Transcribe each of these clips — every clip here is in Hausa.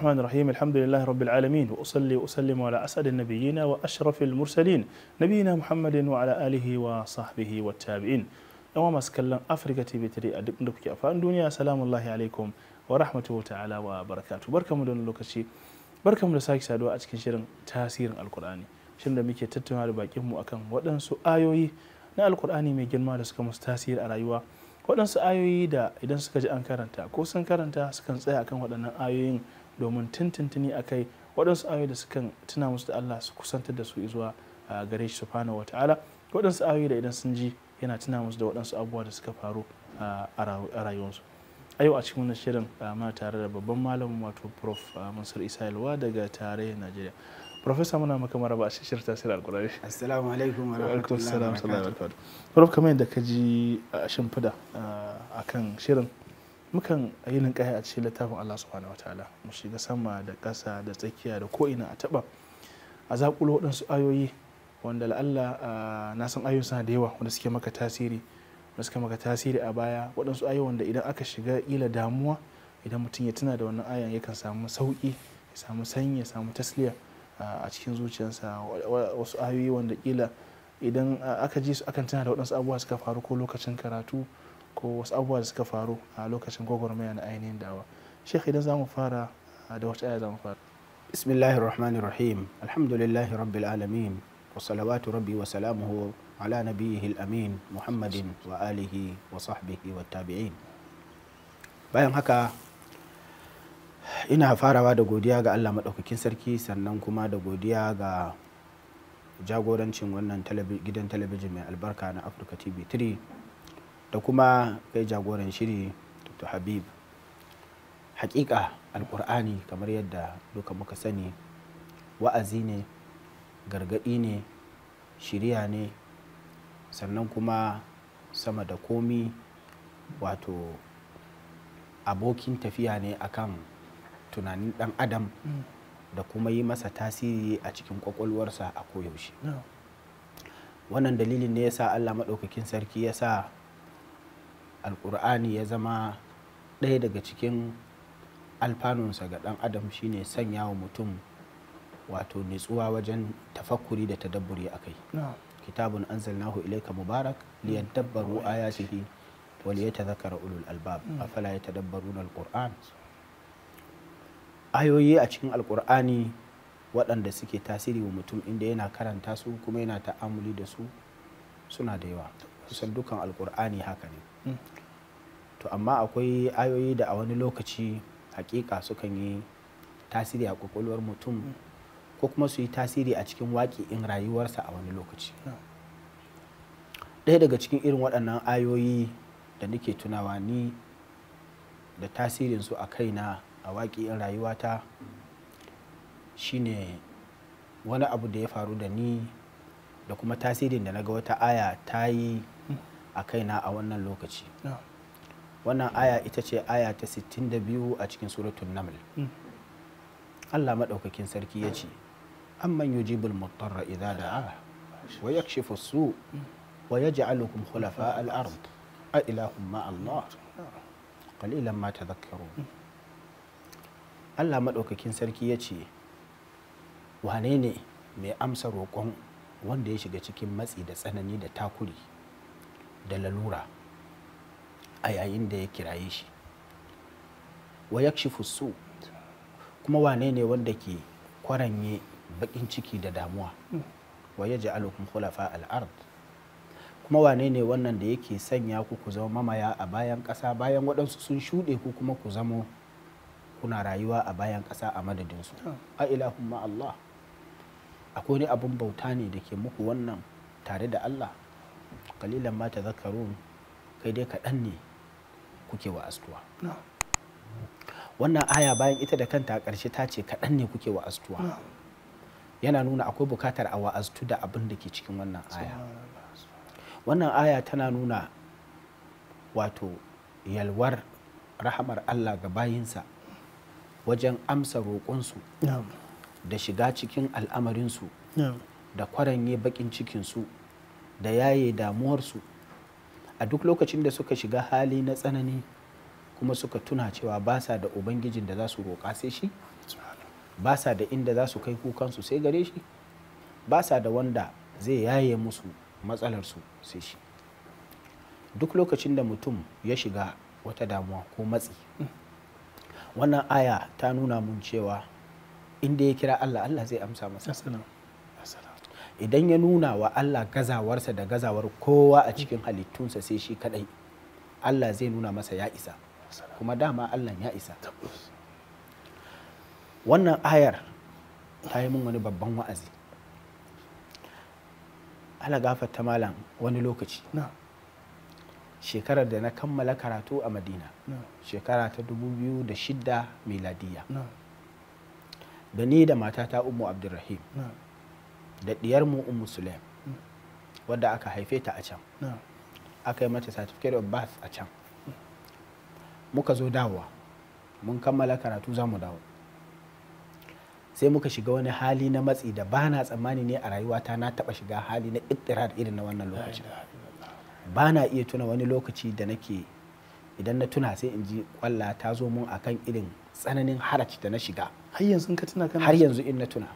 الرحمن الرحيم الحمد لله رب العالمين وأصلي وأسلم على أسعد النبيين وأشرف المرسلين نبينا محمد وعلى آله وصحبه والتابعين نوام أسكلم أفريكا تيفي تري أدب نبكي فان دنيا سلام الله عليكم ورحمة تعالى وبركاته بركم دون لوكشي بركم لساكي سادوا أتكن شرن تاسير القرآن شرن دميكي تتمع لباكي مؤكم ودن سؤايوي نا القرآن ميجن ما دسك مستاسير أرايوا ودن سؤايوي دا إدن سكجي أنكارنتا كوسن كارنتا سكن سيأكم ودن آيوين domin tuntuntuni a kai waɗansu ayoyi da sukan tuna musu da Allah su kusantar da su zuwa gare shi subhanahu wa ta'ala waɗansu ayoyi da idan sun ji yana tuna musu da waɗansu abubuwa da suka faru a rayuwarsu a yau a cikin wannan shirin muna tare da babban malamin wato prof mansur isa yalwa daga tarayyar najeriya Profesa muna maka maraba a shishir tasirin alkurari. Assalamu alaikum wa rahmatullahi wa barakatuh. Prof kamar yadda ka ji a shimfida a kan shirin mukan yi linkaya a cikin littafin Allah subhanahu wataala mu shiga sama da ƙasa da tsakiya da ko ina a taɓa a zaƙulo waɗansu ayoyi wanda la'alla na san ayoyin suna da yawa wanda suke maka tasiri wanda suke maka tasiri a baya waɗansu ayoyi wanda idan aka shiga ila damuwa idan mutum ya tuna da wannan ayan yakan samu sauki ya samu sanyi ya samu tasliya a cikin zuciyarsa wasu ayoyi wanda ƙila idan aka ji su akan tuna da waɗansu abubuwa suka faru ko lokacin karatu ko wasu abubuwa da suka faru a lokacin gwagwarmaya na ainihin dawa shekh idan za mu fara ah, da wacce aya za mu fara bismillahir rahim alhamdulillahi rabbil alamin wa salawatu rabbi wa salamuhu ala nabiyyihi al-amin muhammadin wa alihi wa sahbihi wa tabi'in bayan haka ina farawa da godiya ga allah maɗaukakin sarki sannan kuma da godiya ga jagorancin wannan gidan talabijin mai albarka na africa tv 3 da kuma kai jagoran shiri dr habib hakika alkur'ani kamar yadda duka muka sani wa'azi ne gargaɗi ne shirya ne sannan kuma sama da komi wato abokin tafiya ne akan tunanin ɗan adam mm. da kuma yi masa tasiri a cikin kwakwalwarsa a koyaushe wannan dalilin ne ya sa allah maɗaukakin sarki ya sa alkur'ani ya zama ɗaya daga cikin alfanunsa ga ɗan adam shine sanya wa mutum wato nitsuwa wajen tafakkuri da tadabburi a kai kitabun anzalnahu ilaika mubarak liyan ya liyadabbaru wani ya liyatadhakkara ulul albab hmm. afala na alquran ayoyi a cikin alkur'ani waɗanda suke tasiri wa mutum inda yana karanta su kuma yana ta'amuli da su suna da yawa kusan dukan alkur'ani haka ne to amma akwai ayoyi da a wani lokaci hakika sukan yi tasiri a kwakwalwar mutum ko kuma su yi tasiri a cikin waƙi in rayuwarsa a wani lokaci ɗaya daga cikin irin waɗannan ayoyi da nake tunawa ni da tasirinsu a kaina a waƙi in rayuwata shine wani abu da ya faru da ni da kuma tasirin da na ga wata aya ta yi a kaina a wannan lokaci wannan aya ita ce aya ta 62 a cikin suratun naml mm. Allah maɗaukakin sarki ya ce amman yujibul mutarra idza da'a wa yakshifu su wa yaj'alukum khulafa al-ard a ilahum ma Allah qalilan ma mm. Allah maɗaukakin sarki ya ce wane ne mai amsa roƙon wanda ya shiga cikin matsi da tsanani da takuri da lalura a yayin da ya kiraye shi wa yakshifu su kuma wane ne wanda ke kwaranye bakin ciki da damuwa wa ya ja'alukum khulafa al-ard kuma wane ne wannan da yake sanya ku ku zama mamaya a bayan ƙasa bayan waɗansu sun shuɗe ku kuma ku zamo kuna rayuwa a bayan ƙasa a madadinsu a ilahumma Allah akwai wani abin bauta ne da ke muku wannan tare da Allah qalilan ma tadhakkarun kai dai kaɗan ne kuke wa astuwa wannan aya bayan ita da kanta a ƙarshe ta ce kaɗan ne kuke wa astuwa yana nuna akwai bukatar a wa'aztu da abin da ke cikin wannan aya wannan aya tana nuna wato yalwar rahamar allah ga bayinsa wajen amsa roƙonsu da shiga cikin al'amarinsu da kwaranye baƙin cikinsu da yaye damuwarsu a duk lokacin da suka shiga hali na tsanani kuma suka tuna cewa ba sa da ubangijin da za su roƙa sai shi ba sa da inda za su kai kukansu sai gare shi ba sa da wanda zai yaye musu matsalarsu sai shi duk lokacin da mutum ya shiga wata damuwa ko matsi wannan aya ta nuna mun cewa inda ya kira allah allah zai amsa masa idan ya nuna wa Allah gazawarsa da gazawar kowa a cikin halittunsa sai shi kadai Allah zai nuna masa ya isa kuma dama Allah ya isa wannan ayar ta yi min wani babban wa'azi ala ta malam wani lokaci shekarar da na kammala karatu a madina shekara ta 2006 miladiya da ni da matata umu abdulrahim da mu ummu sulaim wadda aka haife ta a can aka yi mata certificate of birth a can muka zo dawowa mun kammala karatu za mu dawo sai muka shiga wani hali na matsi da ba na tsammani ne a rayuwata na taba shiga hali na ittirar irin na wannan lokacin ba na iya tuna wani lokaci da nake idan na tuna sai in ji kwalla ta zo mun akan irin tsananin haraci da na shiga har yanzu in na tuna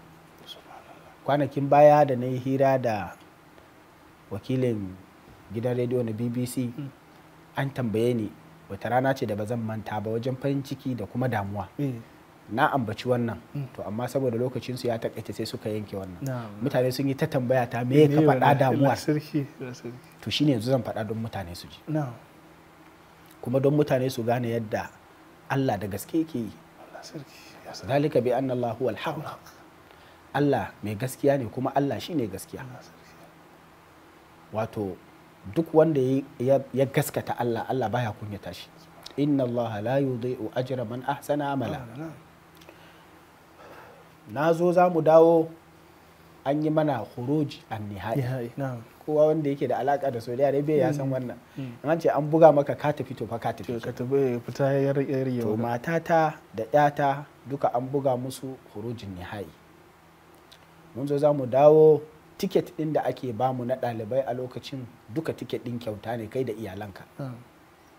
kwanakin baya da na yi hira da wakilin gidan rediyo na bbc hmm. an tambaye ni wata rana ce da ba zan manta ba wajen farin ciki da kuma damuwa eh. na ambaci wannan hmm. to amma saboda lokacin ya takaita sai suka yanke wannan mutane sun yi ta tambaya ta me ka faɗa damuwar to shine yanzu zan faɗa don mutane su ji kuma don mutane su gane yadda Allah da gaske ke yi zalika bi annallahu Allahu Allah mai gaskiya ne kuma Allah shi ne gaskiya wato duk wanda ya gaskata Allah Allah baya kunyata shi inna Allah la yudhi'u ajra man ahsana amala na zo za mu dawo an yi mana huruji an nihai kowa wanda yake da alaka da saudi arabia ya san mm, wannan mm. an ce an buga maka ka tafi to fa ka tafi ka tafi fita yar yar to matata da ƴata duka an buga musu hurujin nihai mun zo za mu dawo tiket ɗin da ake bamu na ɗalibai a lokacin duka tiket ɗin kyauta ne kai da iyalanka hmm.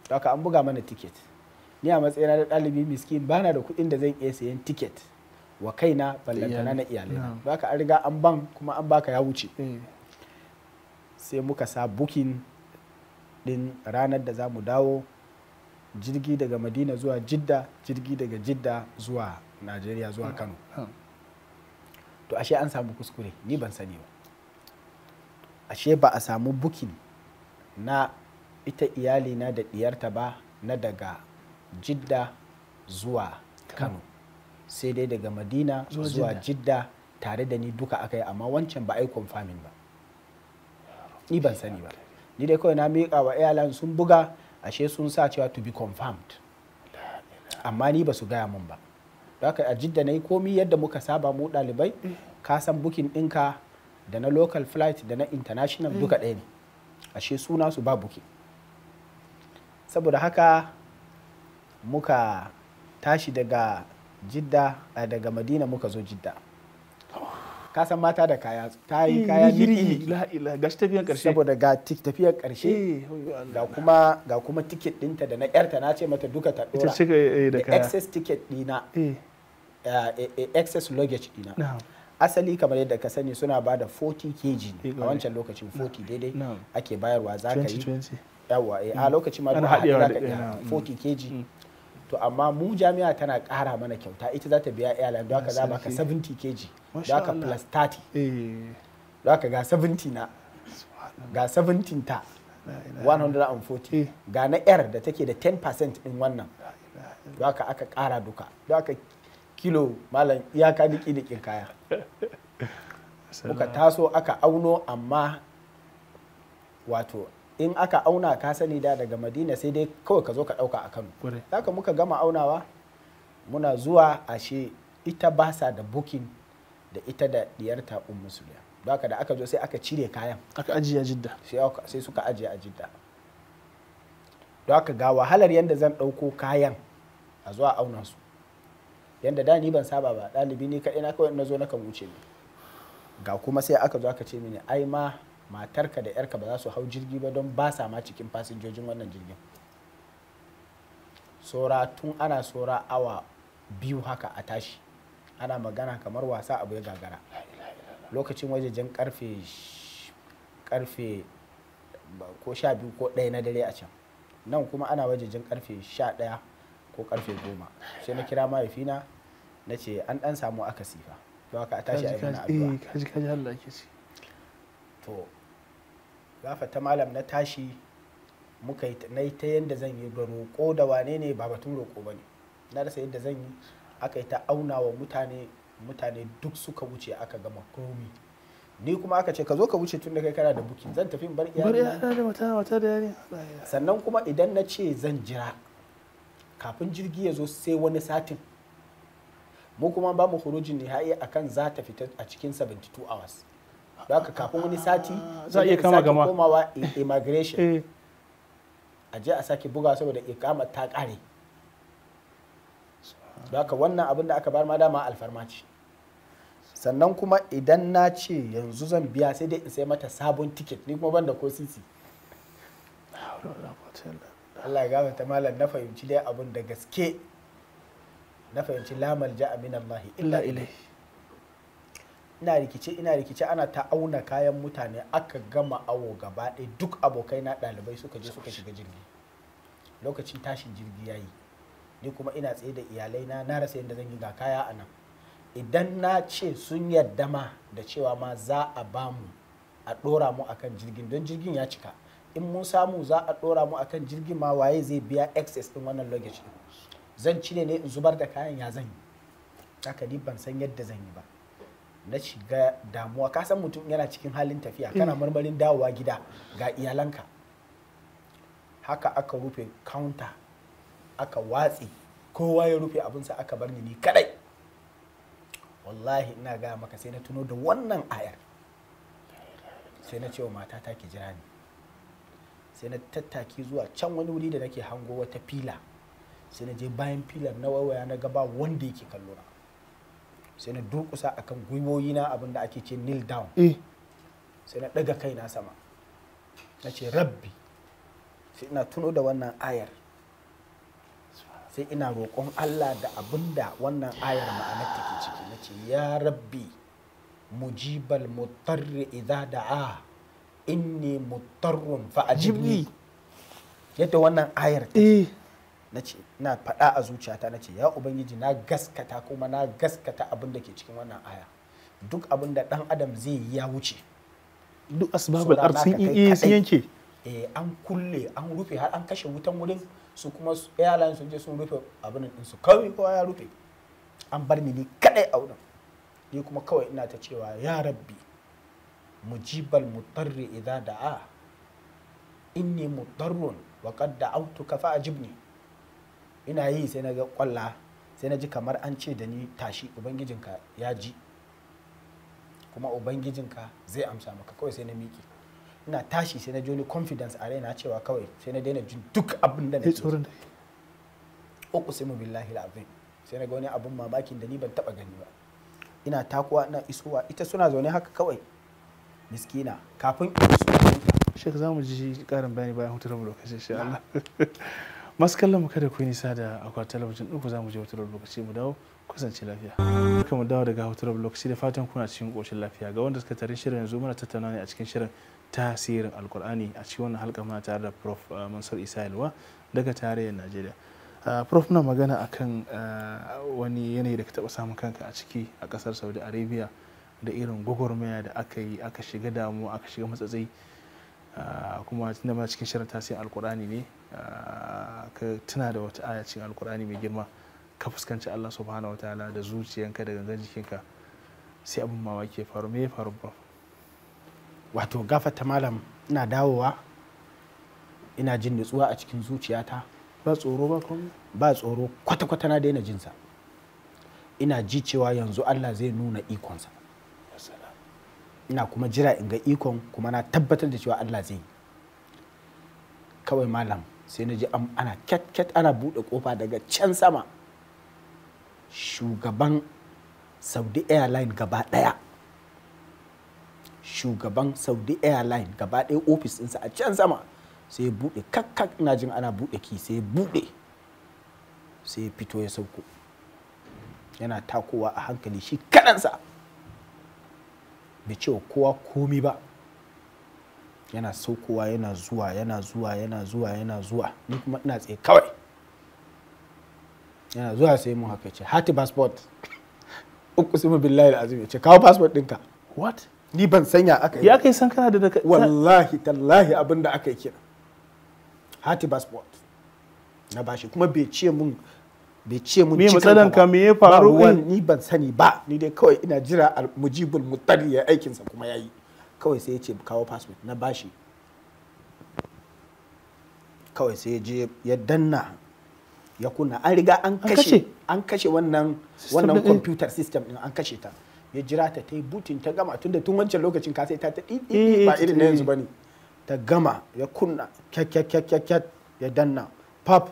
haka an buga mana tiket ni a matsayina da ɗalibi miskin na da kuɗin da zan iya sayan tiket wa kaina ballantana na iyalai hmm. haka an riga an ban kuma an baka ya wuce hmm. sai muka sa bukin ɗin ranar da za mu dawo jirgi daga madina zuwa jidda jirgi daga jidda zuwa najeriya zuwa kano to ashe an samu kuskure ni ban sani ba ashe ba a samu bukin na ita iyalina da diyarta ba na daga jidda zuwa kano sai dai daga madina zuwa jidda tare da ni duka aka yi amma wancan ba a yi confirming ba ni ban sani ba ni dai kawai na miƙa wa airline sun buga ashe sun sa cewa to be confirmed amma ni ba su gaya mun ba haka a jidda na yi komi yadda muka saba mu ɗalibai ka san bukin ɗinka da na local flight da na international mm. duka ɗaya ne ashe suna su ba buki saboda haka muka tashi daga jidda daga madina muka zo jidda ka san mata da kaya ta yi kaya ga tafiyar karshe saboda ga tafiyar karshe eh, oh, ga kuma tiket dinta da na yarta na ce mata duka ta dora eh, eh, da excess ticket dina Eh, eh, eh, excess luggage dina asali kamar yadda ka sani suna ba da 40 kg a wancan lokacin 40 daidai ake bayarwa za ka yi yawa a mm. lokacin ma duka za ka 40 kg mm. to amma mu jami'a tana ƙara mana kyauta ita za ta biya airline don haka za ka 70 kg don haka plus 30 don haka ga 70 na ga 17 ta 140 ga na yar da take da 10% din wannan don haka aka ƙara duka don haka kilo malam iyaka diki dikin kaya muka taso aka auno amma wato in aka auna ka sani da daga madina sai dai kawai ka zo ka dauka a kano haka muka gama aunawa muna zuwa ashe ita ba sa da bukin da ita da diyarta um musuliya haka da aka zo sai aka cire kayan aka ajiye jidda sai suka ajiye a jidda don haka ga wahalar yadda zan dauko kayan a zuwa auna su yanda da ni ban saba ba ɗalibi ne kaɗai na kawai na zo na kan wuce ni ga kuma sai aka zo aka ce mini ai ma matarka da yarka ba za su hau jirgi ba don ba sa ma cikin fasinjojin wannan jirgin sora tun ana sora awa biyu haka a tashi ana magana kamar wasa abu ya gagara lokacin wajejen karfe karfe ko sha biyu ko ɗaya na dare a can nan kuma ana wajejen karfe sha ɗaya ko karfe goma sai na kira mahaifina na ce an dan samu aka sifa don haka a tashi a yi na kaji Allah ke ci to gafa ta malam na tashi muka yi ta yadda zan yi da roƙo da wane ne ba batun roƙo ba ne na rasa yadda zan yi aka yi ta auna wa mutane mutane duk suka wuce aka gama komi ni kuma aka ce ka zo ka wuce tun da kai kana da buki zan tafi bar iyalina bar sannan kuma idan na ce zan jira kafin jirgi ya zo sai wani satin mu kuma ba mu khurujin nihai akan za ta fita a cikin 72 hours da haka kafin wani sati ah, za iya kama gama komawa immigration eh. a je a sake buga saboda ikama ta kare da haka wannan abin da aka bar ma dama alfarma ce sannan kuma idan na ce yanzu zan biya sai dai in sai mata sabon tiket ni kuma banda ko sisi Allah ya gafarta malam na fahimci dai abun da gaske na fahimci lamal a min Allah illa ilai ina rikice ina rikice ana ta auna kayan mutane aka gama awo gaba ɗaya duk abokai na ɗalibai suka je suka shiga jirgi lokacin tashin jirgi yayi ni kuma ina tsaye da iyalai na na rasa yadda zan yi ga kaya a nan idan na ce sun yadda ma da cewa ma za a ba mu a ɗora mu akan jirgin don jirgin ya cika in mun samu za a ɗora mu akan jirgin ma waye zai biya excess ɗin wannan luggage ɗin zan cire ne in zubar da kayan ya zan yi haka ni ban san yadda zan yi ba na shiga damuwa ka san mutum yana cikin halin tafiya kana mm. marmarin dawowa gida ga iyalanka haka aka rufe counter aka watse kowa ya rufe abinsa aka bar ni ni kadai wallahi ina gaya maka sai na tuno da wannan ayar sai na cewa mata ta ki jira ni sai na tattaki zuwa can wani wuri da nake hango wata fila sai na je bayan filar na waiwaya na gaba wanda yake kallo na sai na durkusa akan gwiwoyi na abin da ake ce kneel down eh. sai na daga kaina sama na ce rabbi sai ina tuno da wannan ayar sai ina roƙon Allah da abinda da wannan ayar ma'anar take ciki na ce ya rabbi mujibal mutarri idza da'a inni mutarrun fa ajibni yadda wannan ayar ta eh. na ce na faɗa a zuciyata na ce ya ubangiji na gaskata kuma na gaskata abin da ke cikin wannan aya duk abin da ɗan adam zai yi ya wuce duk asbabul arsin iya sun yanke eh an kulle an rufe har an kashe wutan wurin su kuma airline sun je sun rufe abin din su kawai kowa ya rufe an bar ni ni kadai a wurin ni kuma kawai ina ta cewa ya rabbi mujibal mutarri idza da'a inni mutarrun wa qad da'awtuka fa ajibni ina yi sai na ga kwalla sai na ji kamar an ce da ni tashi ubangijinka ya ji kuma ubangijinka zai amsa maka kawai sai na miƙe ina tashi sai na ji wani confidence a raina cewa kawai sai na daina jin duk abin da na da uku sai mu billahi al'azim sai na ga wani abin mamakin da ni ban taba gani ba ina takuwa ina isowa ita suna zaune haka kawai miskina kafin in iso Sheikh za mu ji karin bayani bayan hutar mu lokacin Allah masu kallon mu kada ku yi nisa da akwai talabijin ku za mu je wata lokaci mu dawo kusance lafiya mu dawo daga hautar lokaci da fatan kuna cikin ƙoshin lafiya ga wanda suka tarin shirin yanzu mana tattauna ne a cikin shirin tasirin alkur'ani a cikin wannan halka muna tare da prof ah, mansur isa yalwa daga tarayyar najeriya ah, prof na magana akan ah, wani yanayi da ka taɓa samun kanka a ciki a ƙasar saudi arabia da irin gwagwarmaya da aka yi aka shiga damuwa aka shiga matsatsai kuma tunda muna cikin shirin tasirin alkur'ani ne Ah, ka tuna da wata aya cikin alkur'ani mai girma ka fuskanci Allah subhanahu wa ta'ala da zuciyanka da gangan jikinka sai abin mawa ke faru me faru ba wato gafata malam ina dawowa ina jin nutsuwa a cikin zuciyata ba tsoro ba kuma ba tsoro kwata-kwata na daina jinsa ina ji cewa yanzu Allah zai nuna ikonsa ina kuma jira in ga ikon kuma na tabbatar da cewa Allah zai yi kawai malam sai na ji ana ket ket ana buɗe kofa daga can sama shugaban saudi airline gaba ɗaya shugaban saudi airline gaba ɗaya ofis ɗinsa a can sama sai buɗe kakkak ina jin ana buɗe ki sai buɗe sai fito ya sauko yana takowa a hankali shi kaɗansa bai cewa kowa komi ba yana saukowa yana zuwa yana zuwa yana zuwa yana zuwa ni kuma ina tsaye kawai yana zuwa sai mun haka ce hati passport uku sima billahi azim ya ce kawo passport dinka what ni ban sanya aka yi ya kai san kana da daga wallahi tallahi abinda da aka yi kira hati passport na bashi kuma bai ce mun bai ce mun cikin matsalan ka me ya faru ni ban sani ba ni dai kawai ina jira mujibul mutalli ya aikinsa kuma yayi kawai sai ya ce kawo passport na bashi kawai sai ya je ya danna ya kunna an riga an kashe an kashe wannan wannan eh. computer system din an kashe ta ya jira ta ta yi butin ta gama tunda tun wancan lokacin ka sai ta ta ba eh, irin na yanzu eh. bane ta gama ya kunna kyakkyakkyakkyat ya danna pap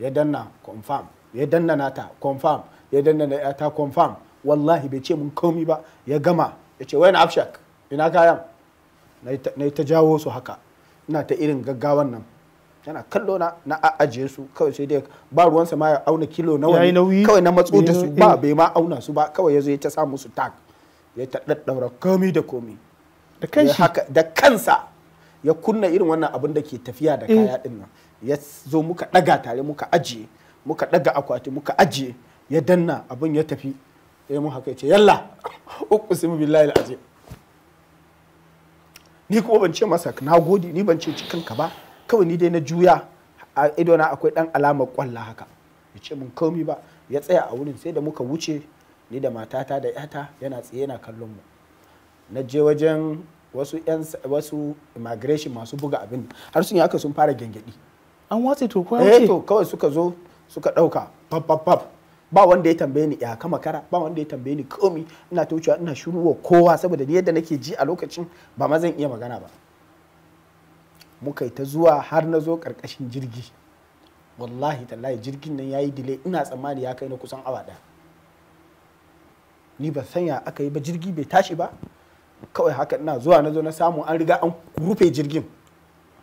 ya danna confirm ya danna nata confirm ya danna na ta confirm wallahi bai ce mun komi ba ya gama ya ce wani afshak ina kayan na ta jawo su haka ina ta irin gaggawan nan yana kallo na na ajiye su kawai sai dai ba ruwansa ma ya auna kilo na wani kawai na matso da su eh, ba eh. bai ma auna su ba kawai ya zo ya ta samu su tag ya ta daddaura komi da komi da kanshi da kansa ya kunna irin wannan abin da ke tafiya da eh. kaya din nan ya zo muka daga tare muka ajiye muka daga akwati muka ajiye ya danna abin ya tafi sai mu haka ya ce yalla uqsimu billahi alazim ni kuma ban ce masa na gode ni ban ce cikin ka ba kawai ni dai na juya a idona akwai dan alamar kwallo haka ya ce mun komi ba ya tsaya a wurin sai da muka wuce ni da matata da yata yana tsaye yana kallon mu na je wajen wasu yan wasu immigration masu buga abin har sun yi haka sun fara gengedi an watse to ko eh to kawai suka zo suka dauka pap pap pap ba wanda ya tambaye ni ya kama kara ba wanda ya tambaye ni komi ina ta wucewa ina shiru wa kowa saboda ni yadda nake ji a lokacin ba ma zan iya magana ba muka yi ta zuwa har na zo karkashin jirgi wallahi tallahi jirgin nan yayi delay ina tsammani ya kai na kusan awa ɗaya ni ba sanya aka yi ba jirgi bai tashi ba kawai haka ina zuwa na zo na samu an riga an rufe jirgin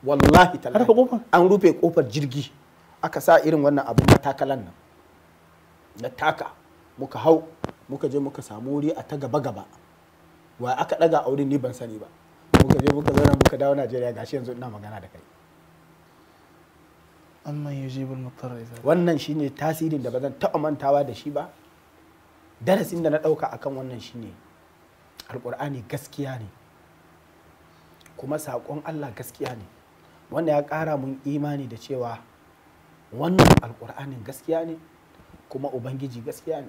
wallahi tallahi an rufe kofar jirgi aka sa irin wannan abin matakalan nan na taka muka hau muka je muka samu wuri a ta gaba gaba wa aka daga a wurin ni ban sani ba muka je muka zauna muka dawo Najeriya gashi yanzu ina magana da kai amma yujibul mutarra wannan shine tasirin da bazan taɓa mantawa da shi ba darasin da na ɗauka akan wannan shine alƙur'ani gaskiya ne kuma saƙon Allah gaskiya ne wanda ya ƙara mun imani da cewa wannan alƙur'anin gaskiya ne kuma ubangiji gaskiya ne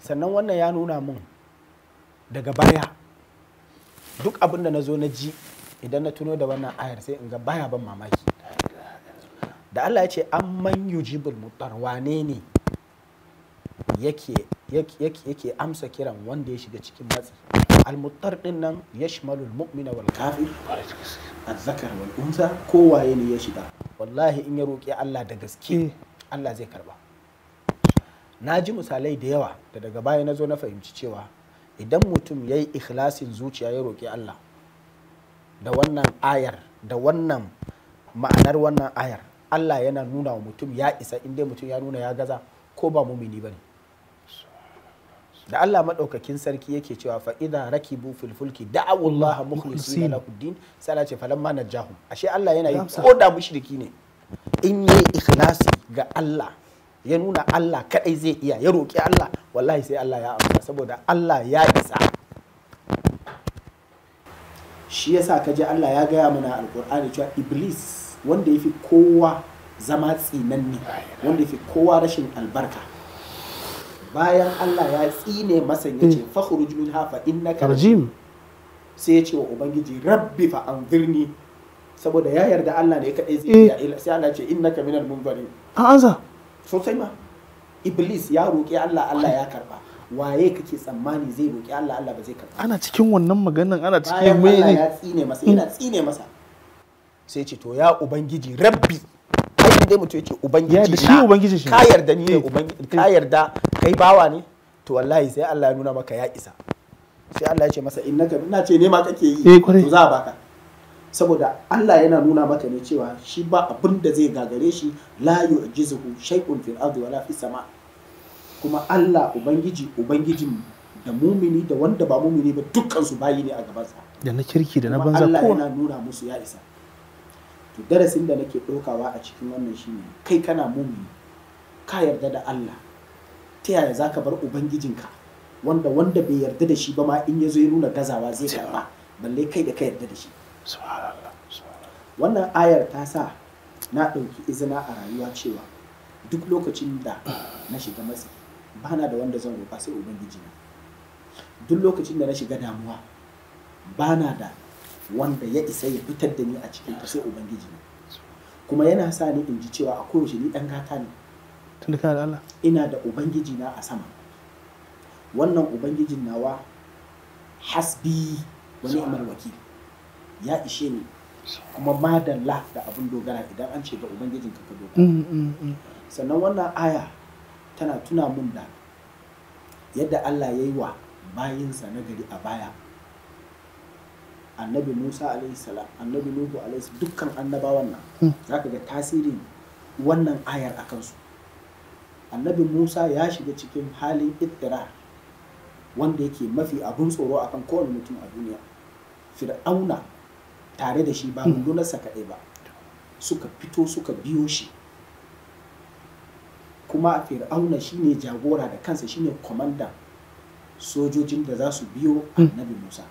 sannan wannan ya nuna mun daga baya duk abin da na zo na ji idan na tuno da wannan ayar sai in ga baya ban mamaki da Allah ya ce an man yujibul mutar wane ne yake amsa kiran wanda ya shiga cikin matsi al-muttar din nan ya shimalu mu'mina wal kafir zakar wal unsa kowaye ne ya shiga wallahi in ya roƙi Allah da gaske eh. Allah zai karba na ji misalai da yawa da daga baya na zo na fahimci cewa idan mutum ya yi ikhlasin zuciya ya roƙi Allah da wannan ayar da wannan ma'anar wannan ayar Allah yana nuna wa mutum ya isa inda mutum ya nuna ya gaza ko ba mumini ba ne da Allah maɗaukakin sarki yake cewa fa raki rakibu fil fulki da'awu Allah mukhlisina na din sai ce falamma najahum ashe Allah yana yi ko da mushriki ne in yi ikhlasi ga Allah ya nuna Allah kadai zai iya ya roƙi Allah wallahi sai Allah ya amsa saboda Allah ya isa shi yasa ka ji Allah ya gaya mana alkur'ani cewa iblis wanda yafi kowa zama tsinanni wanda yafi kowa rashin albarka bayan Allah ya tsine masa ya ce fakhruj minha fa innaka rajim sai ya ce wa ubangiji rabbi fa anzirni saboda ya yarda Allah ne kadai zai eh. iya sai Allah ce innaka minal munzari an anza sosai ma iblis ya roƙi Allah Allah ya karba waye kake tsammani zai roƙi Allah Allah ba zai karba ana cikin wannan maganan ana cikin mai ne ya tsine masa yana mm. tsine masa sai ce to ya ubangiji rabbi kai dai mutum yake ubangiji na shi ubangiji shi ka yarda ni ne eh. ubangiji eh. ka yarda kai bawa ne to wallahi sai Allah ya nuna maka ya isa sai Allah ya ce masa innaka ina ce ne ma kake yi to za a baka saboda Allah yana nuna maka ne cewa shi ba abin da zai gagare shi la yu'jizuhu shay'un fil ardi wala fis sama kuma Allah ubangiji ubangijin da mumini da wanda ba mumini ba dukkan su bayi ne a sa. da na kirki da na banza Allah yana nuna musu ya isa to darasin da nake ɗaukawa a cikin wannan shine kai kana mumini ka yarda da Allah ta yaya zaka bar ubangijinka wanda wanda bai yarda da shi ba ma in ya zo ya nuna gazawa zai karba balle kai da ka yarda da shi wannan ayar ta sa na ɗauki izina a rayuwa cewa duk lokacin da na shiga matsi ba na da wanda zan roƙa sai ubangiji na duk lokacin da na shiga damuwa ba na da wanda ya isa ya fitar da ni a cikin ta sai ubangiji na kuma yana sa ni in ji cewa a kowace ni ɗan gata ne tun da Allah ina da ubangiji na a sama wannan ubangijin nawa hasbi wani ni'mal wakili ya ishe ni kuma madalla da abin dogara idan an ce ga ubangijin ka dogara mm, mm, mm. sannan wannan aya tana tuna mun da yadda Allah ya yi wa bayinsa na gari a baya annabi Musa alayhi salam annabi Nuhu alaihi dukkan annabawan nan zaka ga tasirin wannan ayar a kansu annabi Musa ya shiga cikin halin ittira wanda yake mafi abun tsoro akan kowane mutum a duniya fir'auna tare da shi ba hmm. rundunarsa kaɗai ba suka fito suka biyo shi kuma fir'auna shine jagora da kansa shine kwamandan sojojin da za su biyo hmm. annabi musa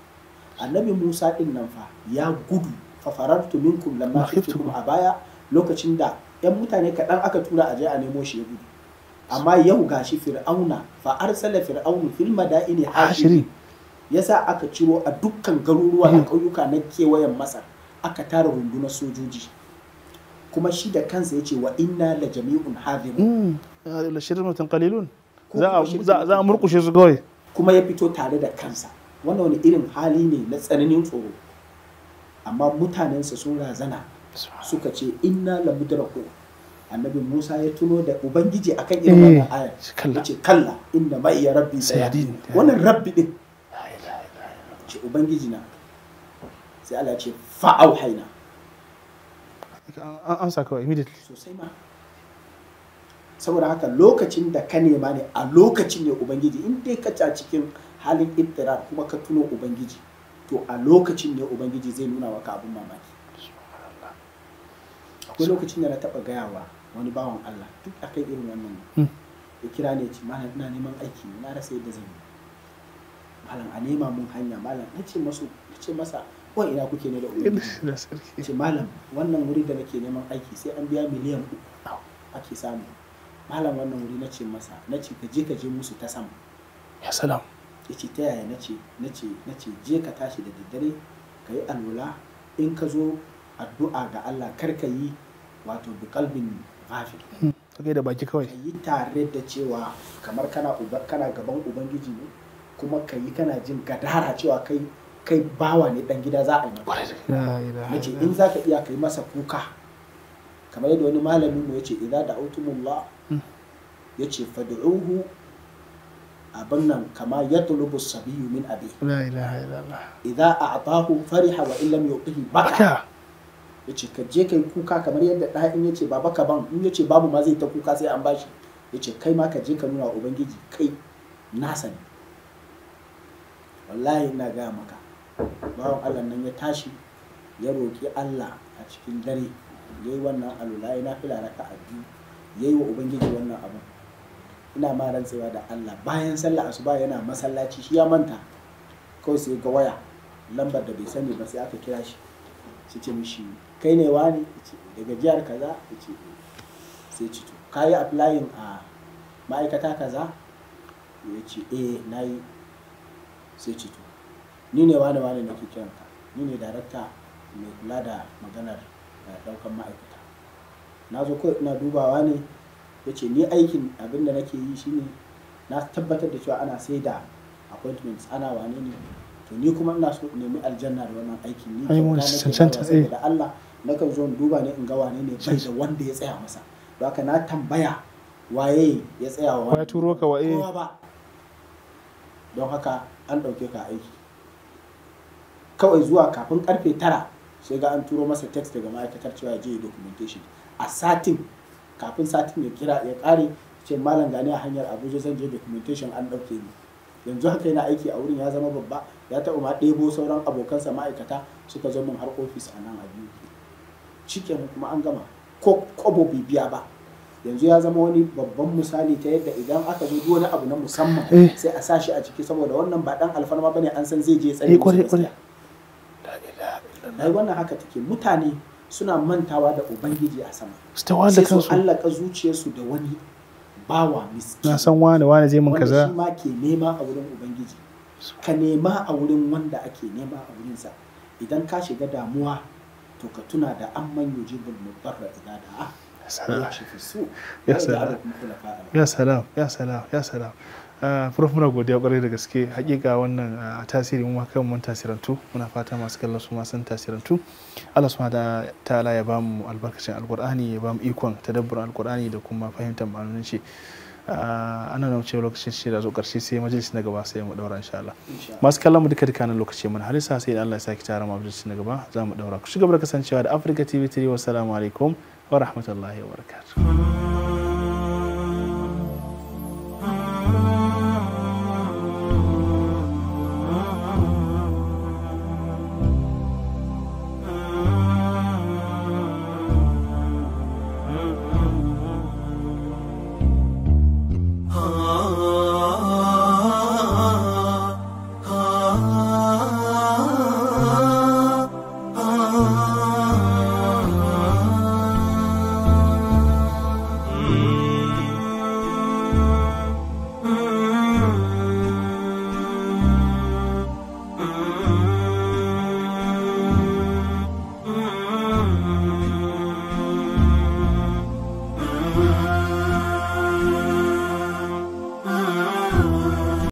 annabi musa din nan fa ya gudu fafarartu minkum lamma khiftukum a baya lokacin da yan mutane kaɗan aka tura a je a nemo shi ya gudu amma yau gashi fir'auna fa arsala fir'aunu fil madaini hashirin yasa aka ciro a dukkan garuruwa da mhm. ƙauyuka na kewayen masar aka tara rundunar sojoji kuma shi da kansa ya ce wa inna la jami'un hadirun hmm. la shirmatun qalilun za za murkushe su kawai kuma ya fito tare da kansa wannan wani irin hali ne na tsananin tsoro amma mutanensa sun razana suka ce inna la mudraku annabi Musa ya tuno da ubangiji akan irin eh, wannan aya ya ce kalla inna ma rabbi sayadin wannan rabbi din ce ubangiji na sai Allah ce fa'au haina an sa kawai immediately sosai ma saboda haka lokacin da ka nema ne a lokacin ne ubangiji in dai ka cikin halin iftirar kuma ka tuno ubangiji to a lokacin ne ubangiji zai nuna maka abin mamaki akwai lokacin da na taba gayawa wani bawan Allah duk akai irin wannan ne hmm. ya kira ne ci mana ina neman aiki na rasa yadda zan yi malam a nema mun hanya malam na ce masu ce masa ko ina kuke ne da ubangiji ce malam wannan wuri da nake neman aiki sai an biya miliyan uku ake samu malam wannan wuri na ce masa na ce ka je ka je musu ta sama ya salam ya ce ta yaya na ce na ce je ka tashi da daddare ka yi alwala in ka zo addu'a ga Allah kar ka yi wato bi kalbin ghafil hmm. kai da baki kawai ka yi tare da cewa kamar kana gaban ubangiji ne kuma ka yi kana jin gadara cewa kai kai bawa ne dan gida za a yi maka nace in za ka iya kai masa kuka kamar yadda wani malamin mu yace idza da'utumullah hmm. yace fad'uhu abin nan kama ya tulubu sabiyu min abi la ilaha illallah idza a'tahu fariha wa illam yu'tihi baka yace ka je kai kuka kamar yadda da in yace baba ka ban in yace babu ma zai ta kuka sai an bashi yace kai ma ka je ka nuna ubangiji kai na sani wallahi ina gaya maka bawan allah nan ya tashi ya roki allah a cikin dare ya yi wannan alula ya fila raka a biyu ya yi wa ubangiji wannan abun ina ma rantsewa da allah bayan sallah asuba yana masallaci shi ya manta kawai sai ga waya lambar da bai sani ba sai aka kira shi su ce mishi kai ne wani daga jihar kaza ya ce sai ci to ka yi applying a ma'aikata kaza ya ce eh na yi sai ce to ni ne wani wani na kiran ni ne darakta mai kula da maganar daukan eh, ma'aikata na zo kawai ina dubawa ne ya ce ni aikin abin da nake yi shine na tabbatar da cewa ana sai da appointments ana wane ne to ni kuma ina so nemi aljanna da wannan aikin ni da eh. Allah na kan zo duba ne in ga wane ne bai da wanda ya tsaya masa don haka na tambaya waye ya tsaya wa wani ba don haka an ɗauke ka aiki kawai zuwa kafin karfe tara sai ga an turo masa text daga ma'aikatar cewa je documentation a satin kafin satin ya kira ya kare ce malam gani a hanyar abuja zan je documentation an ɗauke ni yanzu haka yana aiki a wurin ya zama babba ya taɓa ma ɗebo sauran abokansa ma'aikata suka zo min har ofis a nan a biyu cikin kuma an gama ko kobo bibiya ba yanzu ya zama wani babban misali ta yadda idan aka zo wani abu na musamman eh. sai a sashi a ciki saboda wannan ba dan alfarma bane an san zai je tsare eh, gaskiya dai wannan haka take mutane suna mantawa da ubangiji a sama sai su allaka zuciyarsu da wani bawa miski na san wani wani zai mun kaza wanda shi ma ke nema a wurin ubangiji ka nema a wurin wanda ake nema a wurin sa idan ka shiga damuwa to ka tuna da amman yujibul mudarra idza سلام يا سلام يا سلام يا سلام يا سلام da gaske hakika wannan tasiri mu kan mun tasirantu muna fata masu kallon su ma san tasirantu Allah subhanahu ta'ala ya bamu albarkacin alqur'ani ya bamu ikon dabbar alqur'ani da kuma fahimtar ma'anonin shi ah, ana nan wuce lokacin shi da zo karshe sai majalisi na gaba sai mu daura insha Allah masu kallon mu duka duka lokaci mun halisa sai Allah ya saki tara mu majalisi na gaba za mu daura ku shiga bar da Africa TV 3 wassalamu alaikum ورحمة الله وبركاته